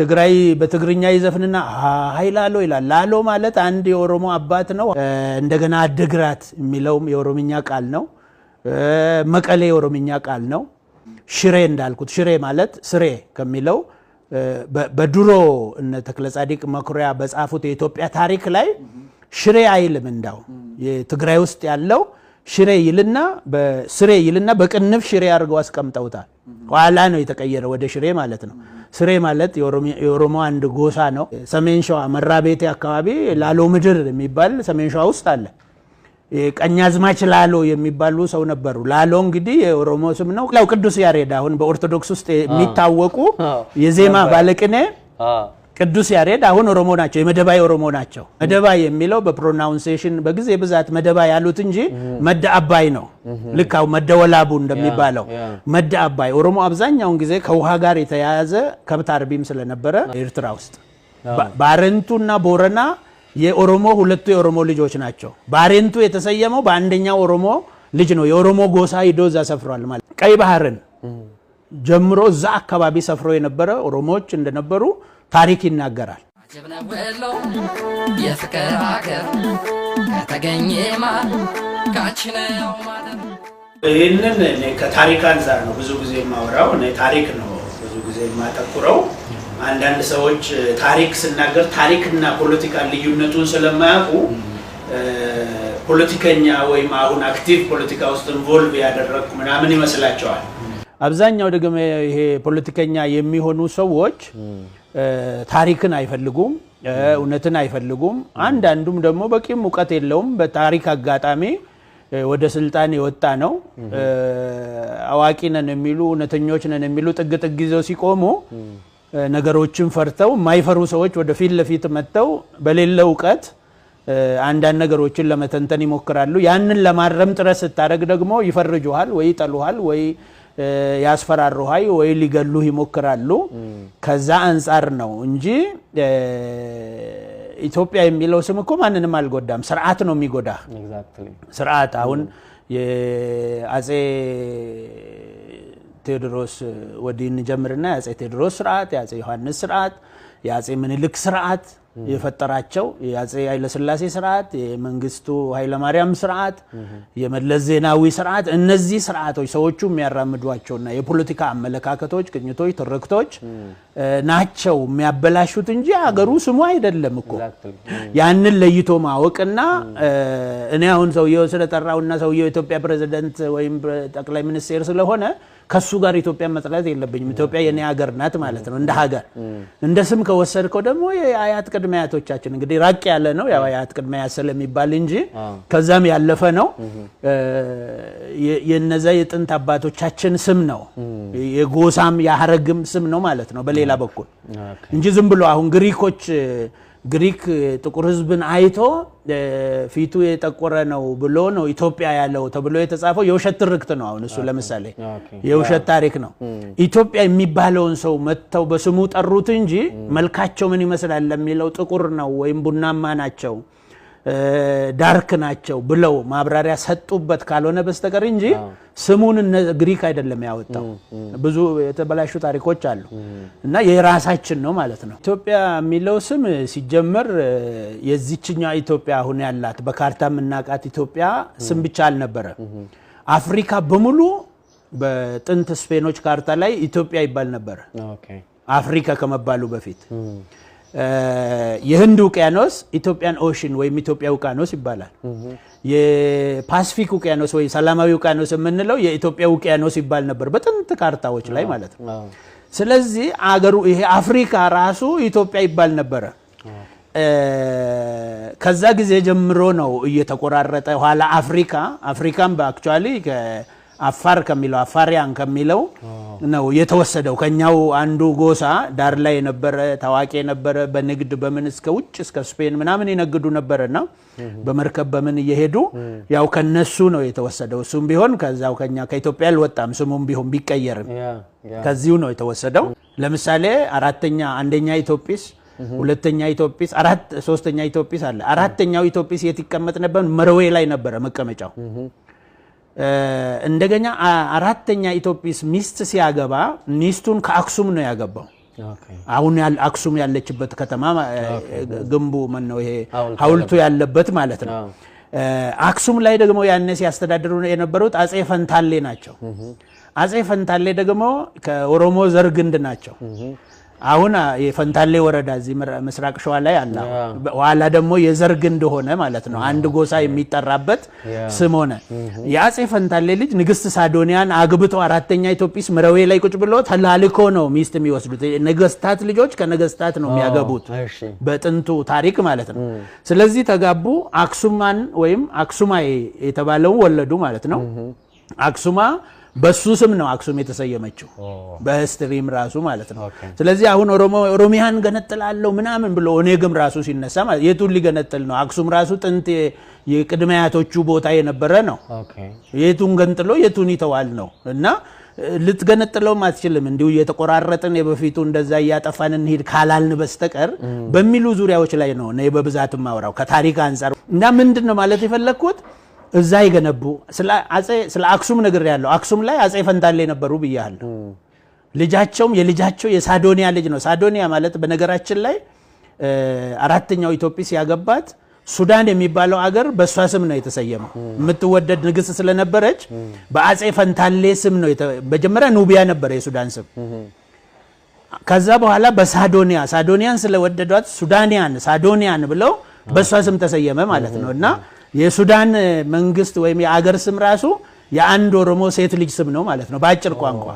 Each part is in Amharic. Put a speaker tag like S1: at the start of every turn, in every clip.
S1: ትግራይ በትግርኛ ይዘፍንና ሀይላሎ ይላል። ላሎ ማለት አንድ የኦሮሞ አባት ነው። እንደገና አድግራት የሚለውም የኦሮምኛ ቃል ነው። መቀሌ የኦሮምኛ ቃል ነው። ሽሬ እንዳልኩት ሽሬ ማለት ስሬ ከሚለው በድሮ እነ ተክለጻዲቅ መኩሪያ በጻፉት የኢትዮጵያ ታሪክ ላይ ሽሬ አይልም። እንዳው የትግራይ ውስጥ ያለው ሽሬ ይልና በስሬ ይልና በቅንፍ ሽሬ አድርገው አስቀምጠውታል። ኋላ ነው የተቀየረ ወደ ሽሬ ማለት ነው። ስሬ ማለት የኦሮሞ አንድ ጎሳ ነው። ሰሜን ሸዋ መራቤቴ አካባቢ ላሎ ምድር የሚባል ሰሜን ሸዋ ውስጥ አለ። ቀኛዝማች ላሎ የሚባሉ ሰው ነበሩ። ላሎ እንግዲህ የኦሮሞ ስም ነው። ቅዱስ ያሬድ አሁን በኦርቶዶክስ ውስጥ የሚታወቁ የዜማ ባለቅኔ ቅዱስ ያሬድ አሁን ኦሮሞ ናቸው፣ የመደባይ ኦሮሞ ናቸው። መደባይ የሚለው በፕሮናውንሴሽን በጊዜ ብዛት መደባ ያሉት እንጂ መደ አባይ ነው። ልካው መደወላቡ እንደሚባለው መደ አባይ። ኦሮሞ አብዛኛውን ጊዜ ከውሃ ጋር የተያያዘ ከብት አርቢም ስለነበረ ኤርትራ ውስጥ ባረንቱና ቦረና የኦሮሞ ሁለቱ የኦሮሞ ልጆች ናቸው። ባሬንቱ የተሰየመው በአንደኛው ኦሮሞ ልጅ ነው። የኦሮሞ ጎሳ ሂዶ እዛ ሰፍሯል ማለት ቀይ ባህርን ጀምሮ እዛ አካባቢ ሰፍሮ የነበረ ኦሮሞዎች እንደነበሩ ታሪክ ይናገራል።
S2: ይህንን ከታሪክ አንጻር ነው ብዙ ጊዜ የማወራው። ታሪክ ነው ብዙ ጊዜ የማተኩረው። አንዳንድ ሰዎች ታሪክ ስናገር ታሪክና ፖለቲካ ልዩነቱን ስለማያውቁ ፖለቲከኛ ወይም አሁን አክቲቭ ፖለቲካ ውስጥ ኢንቮልቭ ያደረግኩ ምናምን ይመስላቸዋል
S1: አብዛኛው ደግሞ ይሄ ፖለቲከኛ የሚሆኑ ሰዎች ታሪክን አይፈልጉም፣ እውነትን አይፈልጉም። አንዳንዱም ደግሞ በቂም እውቀት የለውም። በታሪክ አጋጣሚ ወደ ስልጣን የወጣ ነው። አዋቂ ነን የሚሉ እውነተኞች ነን የሚሉ ጥግ ጥግ ይዘው ሲቆሙ ነገሮችን ፈርተው የማይፈሩ ሰዎች ወደ ፊት ለፊት መጥተው በሌለ እውቀት አንዳንድ ነገሮችን ለመተንተን ይሞክራሉ። ያንን ለማረም ጥረት ስታደርግ ደግሞ ይፈርጁሃል ወይ ይጠሉሃል ወይ ያስፈራሩሃል ወይ ሊገሉህ ይሞክራሉ። ከዛ አንጻር ነው እንጂ ኢትዮጵያ የሚለው ስም እኮ ማንንም አልጎዳም። ስርዓት ነው የሚጎዳ ስርዓት። አሁን የአጼ ቴዎድሮስ ወዲህ እንጀምርና የአጼ ቴዎድሮስ ስርዓት፣ የአጼ ዮሐንስ ስርዓት፣ የአጼ ምኒልክ ስርዓት የፈጠራቸው የአፄ ኃይለስላሴ ስርዓት፣ የመንግስቱ ኃይለማርያም ስርዓት፣ የመለስ ዜናዊ ስርዓት፣ እነዚህ ስርዓቶች ሰዎቹ የሚያራምዷቸውና የፖለቲካ አመለካከቶች፣ ቅኝቶች፣ ትርክቶች ናቸው የሚያበላሹት እንጂ አገሩ ስሙ አይደለም እኮ። mm. ያንን ለይቶ ማወቅና እኔ አሁን ሰውየው ስለጠራውና ሰውየው የኢትዮጵያ ፕሬዚደንት ወይም ጠቅላይ ሚኒስቴር ስለሆነ ከሱ ጋር ኢትዮጵያ መጥላት የለብኝም። mm. ኢትዮጵያ የኔ ሀገር ናት ማለት ነው። mm. እንደ ሀገር እንደ ስም ከወሰድከው ደግሞ የአያት ቅድመ አያቶቻችን እንግዲህ ራቅ ያለ ነው ያው አያት ቅድመ አያት ስለሚባል እንጂ ah. ከዛም ያለፈ ነው። mm-hmm. የነዛ የጥንት አባቶቻችን ስም ነው፣ የጎሳም የሀረግም ስም ነው ማለት ነው። በሌላ በኩል እንጂ ዝም ብሎ አሁን ግሪኮች ግሪክ ጥቁር ህዝብን አይቶ ፊቱ የጠቆረ ነው ብሎ ነው ኢትዮጵያ ያለው ተብሎ የተጻፈው የውሸት ትርክት ነው። አሁን እሱ ለምሳሌ የውሸት ታሪክ ነው። ኢትዮጵያ የሚባለውን ሰው መጥተው በስሙ ጠሩት እንጂ መልካቸው ምን ይመስላል ለሚለው ጥቁር ነው ወይም ቡናማ ናቸው ዳርክ ናቸው ብለው ማብራሪያ ሰጡበት ካልሆነ በስተቀር እንጂ ስሙን ግሪክ አይደለም ያወጣው። ብዙ የተበላሹ ታሪኮች አሉ እና የራሳችን ነው ማለት ነው። ኢትዮጵያ የሚለው ስም ሲጀመር የዚችኛ ኢትዮጵያ አሁን ያላት በካርታ የምናውቃት ኢትዮጵያ ስም ብቻ አልነበረ። አፍሪካ በሙሉ በጥንት ስፔኖች ካርታ ላይ ኢትዮጵያ ይባል ነበር። አፍሪካ ከመባሉ በፊት የህንድ ውቅያኖስ ኢትዮጵያን ኦሽን ወይም ኢትዮጵያ ውቅያኖስ ይባላል። የፓስፊክ ውቅያኖስ ወይም ሰላማዊ ውቅያኖስ የምንለው የኢትዮጵያ ውቅያኖስ ይባል ነበር በጥንት ካርታዎች ላይ ማለት ነው። ስለዚህ አገሩ ይሄ አፍሪካ ራሱ ኢትዮጵያ ይባል ነበረ። ከዛ ጊዜ ጀምሮ ነው እየተቆራረጠ ኋላ አፍሪካ አፍሪካም በአክቹዋሊ አፋር ከሚለው አፋሪያን ከሚለው ነው የተወሰደው። ከኛው አንዱ ጎሳ ዳር ላይ የነበረ ታዋቂ የነበረ በንግድ በምን እስከ ውጭ እስከ ስፔን ምናምን ይነግዱ ነበረና በመርከብ በምን እየሄዱ ያው ከነሱ ነው የተወሰደው። እሱም ቢሆን ከዛው ከኛ ከኢትዮጵያ አልወጣም። ስሙም ቢሆን ቢቀየርም ከዚሁ ነው የተወሰደው። ለምሳሌ አራተኛ አንደኛ ኢትዮጵስ ሁለተኛ ኢትዮጵስ አራት ሶስተኛ ኢትዮጵስ አለ። አራተኛው ኢትዮጵስ የት ይቀመጥ ነበር? መርዌ ላይ ነበረ መቀመጫው። እንደገና አራተኛ ኢትዮጵስ ሚስት ሲያገባ ሚስቱን ከአክሱም ነው ያገባው። አሁን አክሱም ያለችበት ከተማ ግንቡ ምን ነው ይሄ ሀውልቱ ያለበት ማለት ነው። አክሱም ላይ ደግሞ ያኔ ሲያስተዳድሩ የነበሩት አጼ ፈንታሌ ናቸው። አጼ ፈንታሌ ደግሞ ከኦሮሞ ዘርግንድ ናቸው። አሁን የፈንታሌ ወረዳ እዚህ ምስራቅ ሸዋ ላይ አለ። ኋላ ደግሞ የዘርግ እንደሆነ ማለት ነው አንድ ጎሳ የሚጠራበት ስም ሆነ። የአጼ ፈንታሌ ልጅ ንግስት ሳዶኒያን አግብቶ አራተኛ ኢትዮጵስ ምረዌ ላይ ቁጭ ብሎ ተላልኮ ነው ሚስት የሚወስዱት። ነገስታት ልጆች ከነገስታት ነው የሚያገቡት በጥንቱ ታሪክ ማለት ነው። ስለዚህ ተጋቡ። አክሱማን ወይም አክሱማ የተባለው ወለዱ ማለት ነው። አክሱማ በሱ ስም ነው አክሱም የተሰየመችው በስትሪም ራሱ ማለት ነው። ስለዚህ አሁን ኦሮሚያን ገነጥላለሁ ምናምን ብሎ ኦኔግም ራሱ ሲነሳ የቱን ሊገነጥል ነው? አክሱም ራሱ ጥንት የቅድመያቶቹ ቦታ የነበረ ነው። የቱን ገንጥሎ የቱን ይተዋል ነው እና ልትገነጥለውም አትችልም። እንዲሁ እየተቆራረጥን የበፊቱ እንደዛ እያጠፋን እንሄድ ካላልን በስተቀር በሚሉ ዙሪያዎች ላይ ነው በብዛት ማውራው ከታሪክ አንጻር እና ምንድን ነው ማለት የፈለግኩት እዛ ይገነቡ ስለ አክሱም ነገር ያለው አክሱም ላይ አጼ ፈንታሌ ነበሩ ብያለሁ። ልጃቸውም የልጃቸው የሳዶኒያ ልጅ ነው። ሳዶኒያ ማለት በነገራችን ላይ አራተኛው ኢትዮጵ ያገባት ሱዳን የሚባለው አገር በእሷ ስም ነው የተሰየመው። የምትወደድ ንግስት ስለነበረች በአጼ ፈንታሌ ስም ነው። መጀመሪያ ኑቢያ ነበረ የሱዳን ስም። ከዛ በኋላ በሳዶኒያ ሳዶኒያን ስለወደዷት ሱዳኒያን ሳዶኒያን ብለው በእሷ ስም ተሰየመ ማለት ነው እና የሱዳን መንግስት ወይም የአገር ስም ራሱ የአንድ ኦሮሞ ሴት ልጅ ስም ነው ማለት ነው በአጭር ቋንቋ።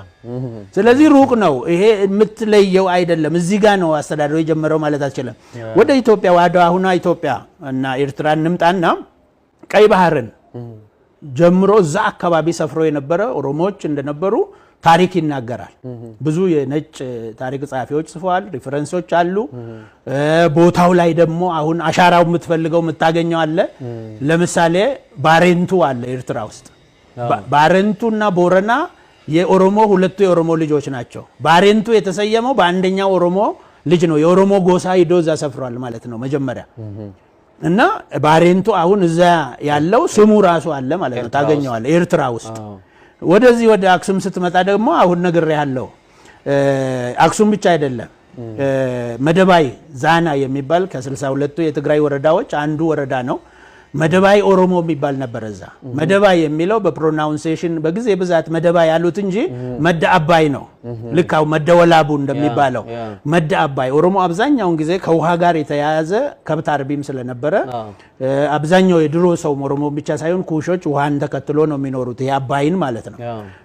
S1: ስለዚህ ሩቅ ነው ይሄ የምትለየው አይደለም። እዚህ ጋር ነው አስተዳደሩ የጀመረው ማለት አልችልም። ወደ ኢትዮጵያ ዋደ አሁኗ ኢትዮጵያ እና ኤርትራን እንምጣና ቀይ ባህርን ጀምሮ እዛ አካባቢ ሰፍረው የነበረ ኦሮሞዎች እንደነበሩ ታሪክ ይናገራል። ብዙ የነጭ ታሪክ ጸሐፊዎች ጽፈዋል። ሪፈረንሶች አሉ። ቦታው ላይ ደግሞ አሁን አሻራው የምትፈልገው የምታገኘው አለ። ለምሳሌ ባሬንቱ አለ ኤርትራ ውስጥ። ባሬንቱ እና ቦረና የኦሮሞ ሁለቱ የኦሮሞ ልጆች ናቸው። ባሬንቱ የተሰየመው በአንደኛው ኦሮሞ ልጅ ነው። የኦሮሞ ጎሳ ሂዶ እዛ ሰፍሯል ማለት ነው መጀመሪያ እና ባሬንቱ አሁን እዛ ያለው ስሙ ራሱ አለ ማለት ነው ታገኘዋለህ ኤርትራ ውስጥ ወደዚህ ወደ አክሱም ስትመጣ ደግሞ አሁን ያለው አክሱም ብቻ አይደለም፣ መደባይ ዛና የሚባል ከ ከ62ቱ የትግራይ ወረዳዎች አንዱ ወረዳ ነው። መደባይ ኦሮሞ የሚባል ነበር። እዛ መደባይ የሚለው በፕሮናውንሴሽን በጊዜ ብዛት መደባይ ያሉት እንጂ መደ አባይ ነው። ልካው መደወላቡ እንደሚባለው መደ አባይ። ኦሮሞ አብዛኛውን ጊዜ ከውሃ ጋር የተያያዘ ከብት አርቢም ስለነበረ አብዛኛው የድሮ ሰው ኦሮሞ ብቻ ሳይሆን ኩሾች ውሃን ተከትሎ ነው የሚኖሩት፣ ይሄ አባይን ማለት ነው።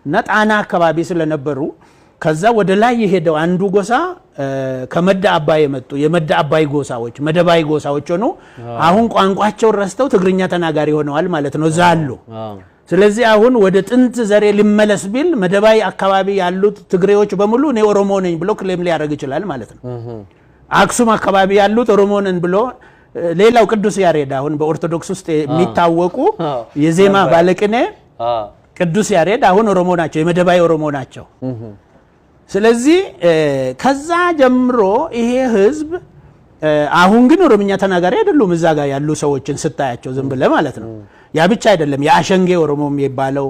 S1: እና ጣና አካባቢ ስለነበሩ ከዛ ወደ ላይ የሄደው አንዱ ጎሳ ከመደ አባይ የመጡ የመዳ አባይ ጎሳዎች መደባይ ጎሳዎች ሆኖ አሁን ቋንቋቸውን ረስተው ትግርኛ ተናጋሪ ሆነዋል ማለት ነው፣ እዛ አሉ። ስለዚህ አሁን ወደ ጥንት ዘሬ ሊመለስ ቢል መደባይ አካባቢ ያሉት ትግሬዎች በሙሉ እኔ ኦሮሞ ነኝ ብሎ ክሌም ሊያደርግ ይችላል ማለት ነው። አክሱም አካባቢ ያሉት ኦሮሞ ነን ብሎ ሌላው ቅዱስ ያሬድ አሁን በኦርቶዶክስ ውስጥ የሚታወቁ የዜማ ባለቅኔ ቅዱስ ያሬድ አሁን ኦሮሞ ናቸው፣ የመደባይ ኦሮሞ ናቸው። ስለዚህ ከዛ ጀምሮ ይሄ ህዝብ አሁን ግን ኦሮምኛ ተናጋሪ አይደሉም። እዛ ጋር ያሉ ሰዎችን ስታያቸው ዝም ብለህ ማለት ነው። ያ ብቻ አይደለም። የአሸንጌ ኦሮሞ የሚባለው፣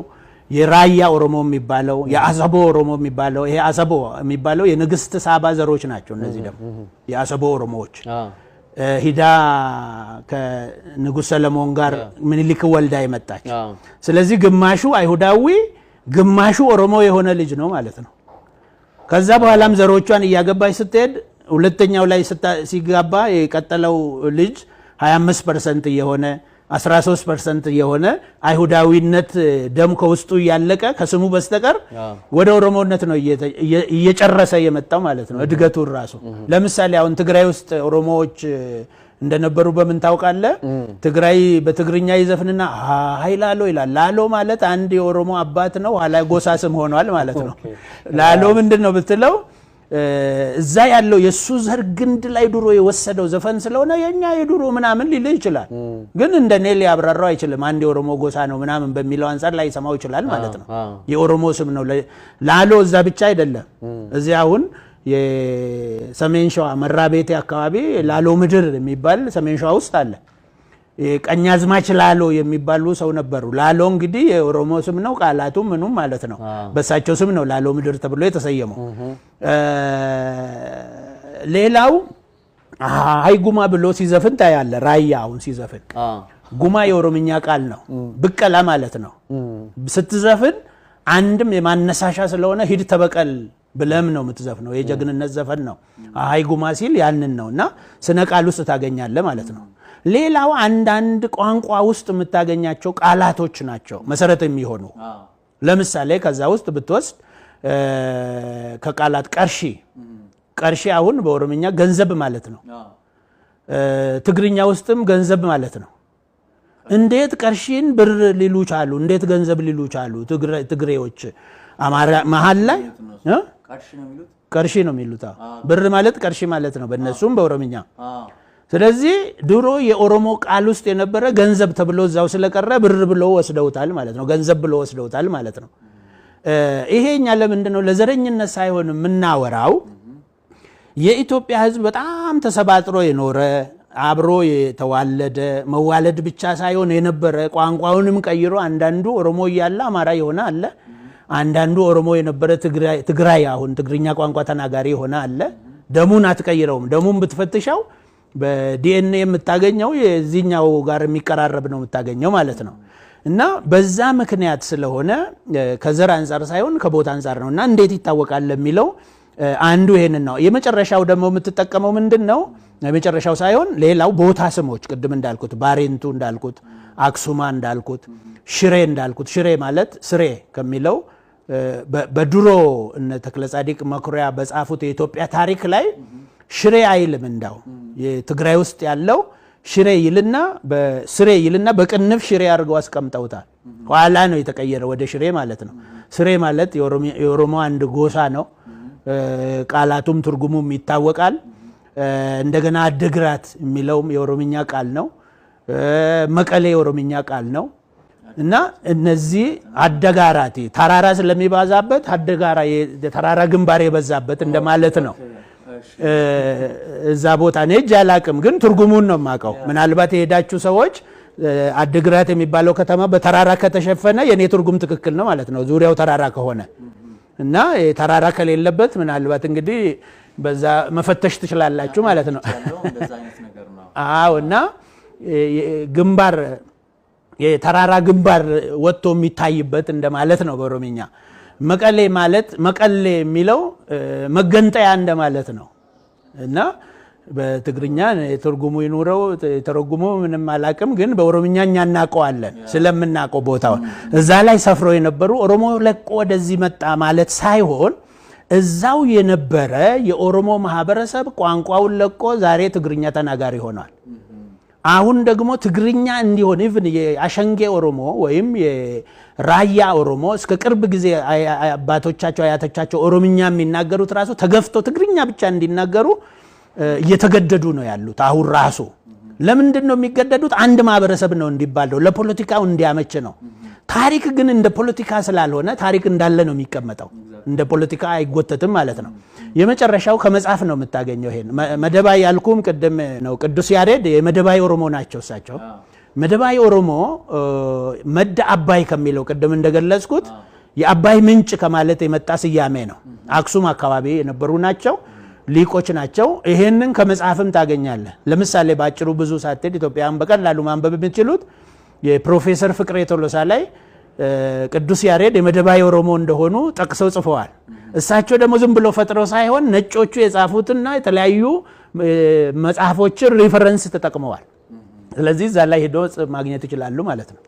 S1: የራያ ኦሮሞ የሚባለው፣ የአሰቦ ኦሮሞ የሚባለው ይሄ አሰቦ የሚባለው የንግስት ሳባ ዘሮች ናቸው። እነዚህ ደግሞ የአሰቦ ኦሮሞዎች ሂዳ ከንጉሥ ሰለሞን ጋር ምኒልክ ወልዳ የመጣች ስለዚህ ግማሹ አይሁዳዊ ግማሹ ኦሮሞ የሆነ ልጅ ነው ማለት ነው። ከዛ በኋላም ዘሮቿን እያገባች ስትሄድ ሁለተኛው ላይ ሲጋባ የቀጠለው ልጅ 25 ፐርሰንት እየሆነ 13 ፐርሰንት የሆነ አይሁዳዊነት ደም ከውስጡ እያለቀ ከስሙ በስተቀር ወደ ኦሮሞነት ነው እየጨረሰ የመጣው ማለት ነው። እድገቱን ራሱ ለምሳሌ አሁን ትግራይ ውስጥ ኦሮሞዎች እንደነበሩ በምን ታውቃለ? ትግራይ በትግርኛ ይዘፍንና ሀይ ላሎ ይላል። ላሎ ማለት አንድ የኦሮሞ አባት ነው፣ ኋላ ጎሳ ስም ሆኗል ማለት ነው። ላሎ ምንድን ነው ብትለው እዛ ያለው የእሱ ዘር ግንድ ላይ ድሮ የወሰደው ዘፈን ስለሆነ የእኛ የድሮ ምናምን ሊል ይችላል። ግን እንደ እኔ ሊያብራራው አይችልም። አንድ የኦሮሞ ጎሳ ነው ምናምን በሚለው አንጻር ላይ ሰማው ይችላል ማለት ነው። የኦሮሞ ስም ነው ላሎ እዛ ብቻ አይደለም። እዚ አሁን የሰሜን ሸዋ መራቤቴ አካባቢ ላሎ ምድር የሚባል ሰሜን ሸዋ ውስጥ አለ። ቀኛዝማች ላሎ የሚባሉ ሰው ነበሩ። ላሎ እንግዲህ የኦሮሞ ስም ነው፣ ቃላቱ ምኑም ማለት ነው። በሳቸው ስም ነው ላሎ ምድር ተብሎ የተሰየመው። ሌላው አይ ጉማ ብሎ ሲዘፍን ታያለ። ራያ አሁን ሲዘፍን ጉማ የኦሮምኛ ቃል ነው፣ ብቀላ ማለት ነው። ስትዘፍን አንድም የማነሳሻ ስለሆነ ሂድ ተበቀል ብለም ነው የምትዘፍነው። የጀግንነት ዘፈን ነው። አይ ጉማ ሲል ያንን ነው እና ስነ ቃል ውስጥ ታገኛለ ማለት ነው። ሌላው አንዳንድ ቋንቋ ውስጥ የምታገኛቸው ቃላቶች ናቸው መሰረት የሚሆኑ ለምሳሌ ከዛ ውስጥ ብትወስድ ከቃላት ቀርሺ ቀርሺ አሁን በኦሮምኛ ገንዘብ ማለት ነው ትግርኛ ውስጥም ገንዘብ ማለት ነው እንዴት ቀርሺን ብር ሊሉ ቻሉ እንዴት ገንዘብ ሊሉ ቻሉ ትግሬዎች መሀል ላይ ቀርሺ ነው የሚሉት ብር ማለት ቀርሺ ማለት ነው በእነሱም በኦሮምኛ ስለዚህ ድሮ የኦሮሞ ቃል ውስጥ የነበረ ገንዘብ ተብሎ እዛው ስለቀረ ብር ብሎ ወስደውታል ማለት ነው። ገንዘብ ብሎ ወስደውታል ማለት ነው። ይሄ እኛ ለምንድን ነው ለዘረኝነት ሳይሆን የምናወራው የኢትዮጵያ ሕዝብ በጣም ተሰባጥሮ የኖረ አብሮ የተዋለደ መዋለድ ብቻ ሳይሆን የነበረ ቋንቋውንም ቀይሮ አንዳንዱ ኦሮሞ እያለ አማራ የሆነ አለ። አንዳንዱ ኦሮሞ የነበረ ትግራይ አሁን ትግርኛ ቋንቋ ተናጋሪ የሆነ አለ። ደሙን አትቀይረውም። ደሙን ብትፈትሸው በዲኤንኤ የምታገኘው የዚህኛው ጋር የሚቀራረብ ነው የምታገኘው ማለት ነው። እና በዛ ምክንያት ስለሆነ ከዘር አንጻር ሳይሆን ከቦታ አንጻር ነው። እና እንዴት ይታወቃል ለሚለው አንዱ ይሄንን ነው። የመጨረሻው ደግሞ የምትጠቀመው ምንድን ነው? የመጨረሻው ሳይሆን ሌላው ቦታ ስሞች፣ ቅድም እንዳልኩት ባሬንቱ እንዳልኩት፣ አክሱማ እንዳልኩት፣ ሽሬ እንዳልኩት። ሽሬ ማለት ስሬ ከሚለው በድሮ እነ ተክለ ጻዲቅ መኩሪያ በጻፉት የኢትዮጵያ ታሪክ ላይ ሽሬ አይልም። እንዳው የትግራይ ውስጥ ያለው ሽሬ ይልና በስሬ ይልና በቅንፍ ሽሬ አድርገው አስቀምጠውታል። ኋላ ነው የተቀየረ ወደ ሽሬ ማለት ነው። ስሬ ማለት የኦሮሞ አንድ ጎሳ ነው። ቃላቱም ትርጉሙም ይታወቃል። እንደገና አድግራት የሚለውም የኦሮምኛ ቃል ነው። መቀሌ የኦሮምኛ ቃል ነው እና እነዚህ አደጋራት ተራራ ስለሚባዛበት አደጋራ ተራራ ግንባር የበዛበት እንደማለት ነው። እዛ ቦታ እኔ እጅ አላቅም፣ ግን ትርጉሙን ነው የማውቀው። ምናልባት የሄዳችሁ ሰዎች አድግራት የሚባለው ከተማ በተራራ ከተሸፈነ የእኔ ትርጉም ትክክል ነው ማለት ነው፣ ዙሪያው ተራራ ከሆነ እና ተራራ ከሌለበት ምናልባት እንግዲህ በዛ መፈተሽ ትችላላችሁ ማለት ነው። አዎ እና ግንባር የተራራ ግንባር ወጥቶ የሚታይበት እንደማለት ነው በኦሮምኛ። መቀሌ ማለት መቀሌ የሚለው መገንጠያ እንደማለት ነው እና በትግርኛ የትርጉሙ ይኑረው የተረጉሙ ምንም አላቅም፣ ግን በኦሮምኛ እኛ እናቀዋለን ስለምናውቀው ቦታውን እዛ ላይ ሰፍረው የነበሩ ኦሮሞ ለቆ ወደዚህ መጣ ማለት ሳይሆን እዛው የነበረ የኦሮሞ ማህበረሰብ ቋንቋውን ለቆ ዛሬ ትግርኛ ተናጋሪ ሆኗል። አሁን ደግሞ ትግርኛ እንዲሆን ኢቭን የአሸንጌ ኦሮሞ ወይም የራያ ኦሮሞ እስከ ቅርብ ጊዜ አባቶቻቸው አያቶቻቸው ኦሮምኛ የሚናገሩት ራሱ ተገፍቶ ትግርኛ ብቻ እንዲናገሩ እየተገደዱ ነው ያሉት። አሁን ራሱ ለምንድን ነው የሚገደዱት? አንድ ማህበረሰብ ነው እንዲባል ነው፣ ለፖለቲካው እንዲያመች ነው። ታሪክ ግን እንደ ፖለቲካ ስላልሆነ ታሪክ እንዳለ ነው የሚቀመጠው። እንደ ፖለቲካ አይጎተትም ማለት ነው። የመጨረሻው ከመጽሐፍ ነው የምታገኘው። ይሄን መደባይ ያልኩም ቅድም ነው። ቅዱስ ያሬድ የመደባይ ኦሮሞ ናቸው እሳቸው። መደባይ ኦሮሞ መደ አባይ ከሚለው ቅድም እንደገለጽኩት የአባይ ምንጭ ከማለት የመጣ ስያሜ ነው። አክሱም አካባቢ የነበሩ ናቸው፣ ሊቆች ናቸው። ይሄንን ከመጽሐፍም ታገኛለህ። ለምሳሌ በአጭሩ ብዙ ሳትሄድ ኢትዮጵያን በቀላሉ ማንበብ የምችሉት የፕሮፌሰር ፍቅሬ ቶሎሳ ላይ ቅዱስ ያሬድ የመደባዊ ኦሮሞ እንደሆኑ ጠቅሰው ጽፈዋል። እሳቸው ደግሞ ዝም ብሎ ፈጥረው ሳይሆን ነጮቹ የጻፉትና የተለያዩ መጽሐፎችን ሪፈረንስ ተጠቅመዋል። ስለዚህ እዛ ላይ ሄዶ ማግኘት ይችላሉ ማለት ነው።